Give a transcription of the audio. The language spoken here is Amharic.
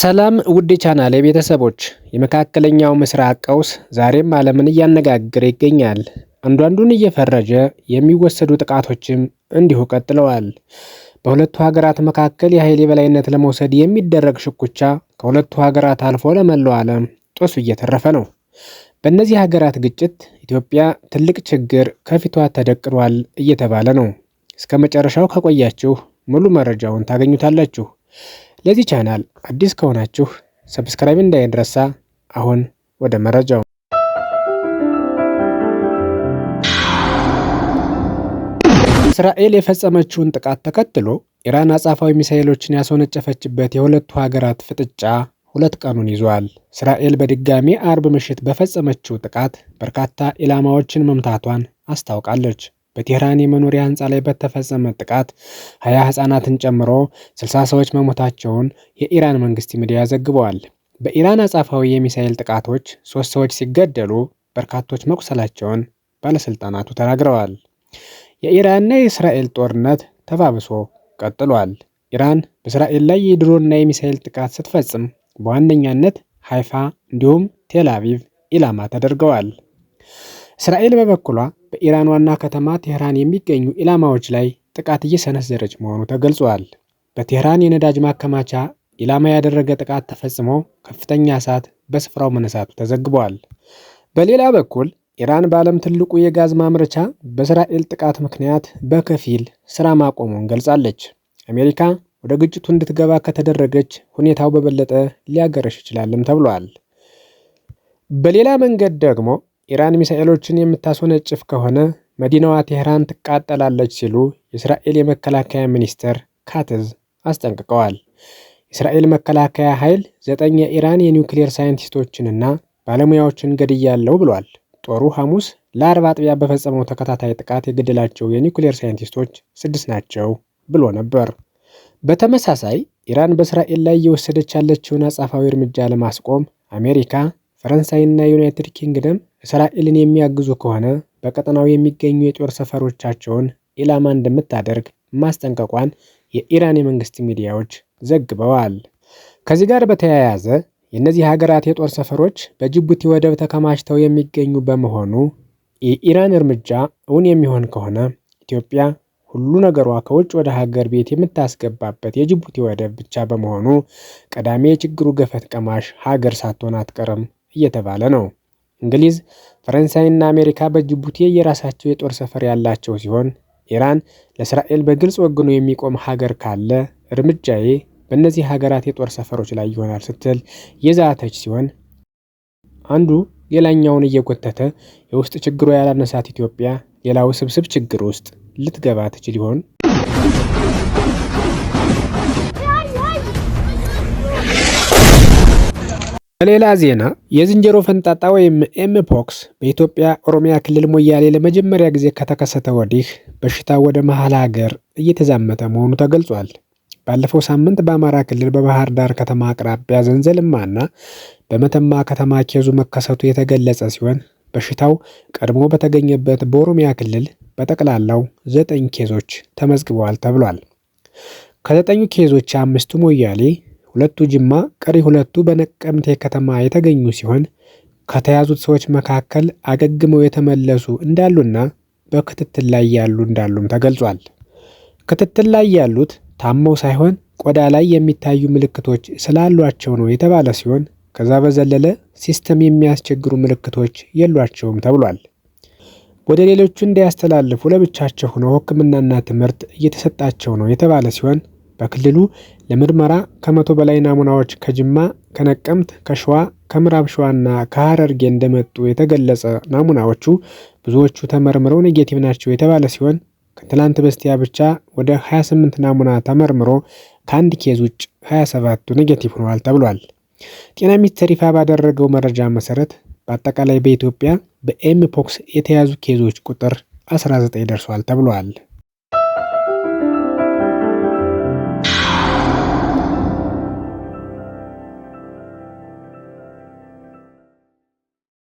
ሰላም ውድ ቻናል የቤተሰቦች የመካከለኛው ምስራቅ ቀውስ ዛሬም ዓለምን እያነጋገረ ይገኛል። አንዷንዱን እየፈረጀ የሚወሰዱ ጥቃቶችም እንዲሁ ቀጥለዋል። በሁለቱ ሀገራት መካከል የኃይል የበላይነት ለመውሰድ የሚደረግ ሽኩቻ ከሁለቱ ሀገራት አልፎ ለመላው ዓለም ጦሱ እየተረፈ ነው። በእነዚህ ሀገራት ግጭት ኢትዮጵያ ትልቅ ችግር ከፊቷ ተደቅኗል እየተባለ ነው። እስከ መጨረሻው ከቆያችሁ ሙሉ መረጃውን ታገኙታላችሁ። ለዚህ ቻናል አዲስ ከሆናችሁ ሰብስክራይብ እንዳይረሳ። አሁን ወደ መረጃው። እስራኤል የፈጸመችውን ጥቃት ተከትሎ ኢራን አጻፋዊ ሚሳኤሎችን ያስወነጨፈችበት የሁለቱ ሀገራት ፍጥጫ ሁለት ቀኑን ይዟል። እስራኤል በድጋሚ አርብ ምሽት በፈጸመችው ጥቃት በርካታ ኢላማዎችን መምታቷን አስታውቃለች። በቴህራን የመኖሪያ ህንፃ ላይ በተፈጸመ ጥቃት ሀያ ህጻናትን ጨምሮ ስልሳ ሰዎች መሞታቸውን የኢራን መንግስት ሚዲያ ዘግበዋል። በኢራን አጻፋዊ የሚሳኤል ጥቃቶች ሶስት ሰዎች ሲገደሉ በርካቶች መቁሰላቸውን ባለስልጣናቱ ተናግረዋል። የኢራንና የእስራኤል ጦርነት ተባብሶ ቀጥሏል። ኢራን በእስራኤል ላይ የድሮና የሚሳኤል ጥቃት ስትፈጽም በዋነኛነት ሃይፋ እንዲሁም ቴል አቪቭ ኢላማ ተደርገዋል። እስራኤል በበኩሏ በኢራን ዋና ከተማ ቴህራን የሚገኙ ኢላማዎች ላይ ጥቃት እየሰነዘረች መሆኑ ተገልጿል። በቴህራን የነዳጅ ማከማቻ ኢላማ ያደረገ ጥቃት ተፈጽሞ ከፍተኛ እሳት በስፍራው መነሳቱ ተዘግቧል። በሌላ በኩል ኢራን በዓለም ትልቁ የጋዝ ማምረቻ በእስራኤል ጥቃት ምክንያት በከፊል ስራ ማቆሙን ገልጻለች። አሜሪካ ወደ ግጭቱ እንድትገባ ከተደረገች ሁኔታው በበለጠ ሊያገረሽ ይችላልም ተብሏል። በሌላ መንገድ ደግሞ ኢራን ሚሳኤሎችን የምታስወነጭፍ ከሆነ መዲናዋ ቴህራን ትቃጠላለች ሲሉ የእስራኤል የመከላከያ ሚኒስተር ካትዝ አስጠንቅቀዋል። የእስራኤል መከላከያ ኃይል ዘጠኝ የኢራን የኒውክሌር ሳይንቲስቶችንና ባለሙያዎችን ገድያለው ብሏል። ጦሩ ሐሙስ ለአርብ አጥቢያ በፈጸመው ተከታታይ ጥቃት የገደላቸው የኒውክሌር ሳይንቲስቶች ስድስት ናቸው ብሎ ነበር። በተመሳሳይ ኢራን በእስራኤል ላይ እየወሰደች ያለችውን አጻፋዊ እርምጃ ለማስቆም አሜሪካ፣ ፈረንሳይና ዩናይትድ ኪንግደም እስራኤልን የሚያግዙ ከሆነ በቀጠናው የሚገኙ የጦር ሰፈሮቻቸውን ኢላማ እንደምታደርግ ማስጠንቀቋን የኢራን የመንግስት ሚዲያዎች ዘግበዋል። ከዚህ ጋር በተያያዘ የእነዚህ ሀገራት የጦር ሰፈሮች በጅቡቲ ወደብ ተከማችተው የሚገኙ በመሆኑ የኢራን እርምጃ እውን የሚሆን ከሆነ ኢትዮጵያ ሁሉ ነገሯ ከውጭ ወደ ሀገር ቤት የምታስገባበት የጅቡቲ ወደብ ብቻ በመሆኑ ቀዳሚ የችግሩ ገፈት ቀማሽ ሀገር ሳትሆን አትቀርም እየተባለ ነው። እንግሊዝ፣ ፈረንሳይና አሜሪካ በጅቡቲ የራሳቸው የጦር ሰፈር ያላቸው ሲሆን ኢራን ለእስራኤል በግልጽ ወግኖ የሚቆም ሀገር ካለ እርምጃዬ በእነዚህ ሀገራት የጦር ሰፈሮች ላይ ይሆናል ስትል የዛተች ሲሆን አንዱ ሌላኛውን እየጎተተ የውስጥ ችግሯ ያላነሳት ኢትዮጵያ ሌላ ውስብስብ ችግር ውስጥ ልትገባ ትችል ይሆን? በሌላ ዜና የዝንጀሮ ፈንጣጣ ወይም ኤምፖክስ በኢትዮጵያ ኦሮሚያ ክልል ሞያሌ ለመጀመሪያ ጊዜ ከተከሰተ ወዲህ በሽታ ወደ መሀል ሀገር እየተዛመተ መሆኑ ተገልጿል። ባለፈው ሳምንት በአማራ ክልል በባህር ዳር ከተማ አቅራቢያ ዘንዘልማና በመተማ ከተማ ኬዙ መከሰቱ የተገለጸ ሲሆን በሽታው ቀድሞ በተገኘበት በኦሮሚያ ክልል በጠቅላላው ዘጠኝ ኬዞች ተመዝግበዋል ተብሏል። ከዘጠኙ ኬዞች አምስቱ ሞያሌ ሁለቱ ጅማ ቀሪ ሁለቱ በነቀምቴ ከተማ የተገኙ ሲሆን ከተያዙት ሰዎች መካከል አገግመው የተመለሱ እንዳሉና በክትትል ላይ ያሉ እንዳሉም ተገልጿል። ክትትል ላይ ያሉት ታመው ሳይሆን ቆዳ ላይ የሚታዩ ምልክቶች ስላሏቸው ነው የተባለ ሲሆን ከዛ በዘለለ ሲስተም የሚያስቸግሩ ምልክቶች የሏቸውም ተብሏል። ወደ ሌሎቹ እንዳያስተላልፉ ለብቻቸው ሆነው ሕክምናና ትምህርት እየተሰጣቸው ነው የተባለ ሲሆን በክልሉ ለምርመራ ከመቶ በላይ ናሙናዎች ከጅማ፣ ከነቀምት፣ ከሸዋ፣ ከምዕራብ ሸዋና ከሐረርጌ እንደመጡ የተገለጸ ናሙናዎቹ ብዙዎቹ ተመርምረው ኔጌቲቭ ናቸው የተባለ ሲሆን ከትላንት በስቲያ ብቻ ወደ 28 ናሙና ተመርምሮ ከአንድ ኬዝ ውጭ 27ቱ ኔጌቲቭ ሆነዋል ተብሏል። ጤና ሚኒስቴር ይፋ ባደረገው መረጃ መሰረት በአጠቃላይ በኢትዮጵያ በኤምፖክስ የተያዙ ኬዞች ቁጥር 19 ደርሷል ተብሏል።